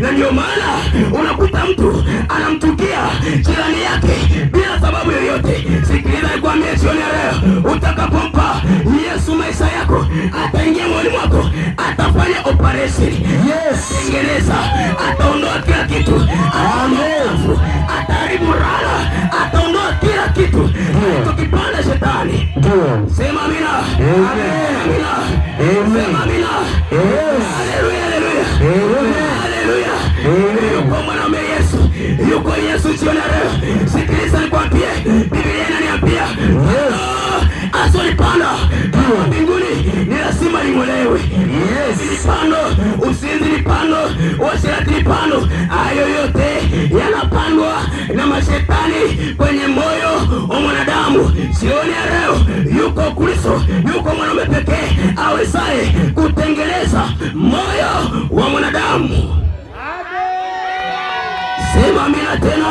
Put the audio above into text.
na ndio maana unakuta mtu anamchukia jirani yake bila sababu yoyote. Sikiliza nikwambie, jioni ya leo utakapompa Yesu maisha yako, ataingia moyoni mwako, atafanya operation, tengeneza, ataondoa kila kitu, ataondoa ataharibu laana, ataondoa kila kitu kipanda shetani. Sema amina, sema amina, haleluya huyo mwanaume Yesu yuko Yesu jiona leo. Sikiliza nikwambie, Biblia inaniambia asolipanda kama mbinguni ni lazima ling'olewe. Zilipando usinzi lipando uasherati lipando, hayo yote yanapandwa na mashetani kwenye moyo wa mwanadamu. Sioni ya leo yuko Kristo, yuko mwanaume pekee awezaye kutengeneza moyo Sema mina tena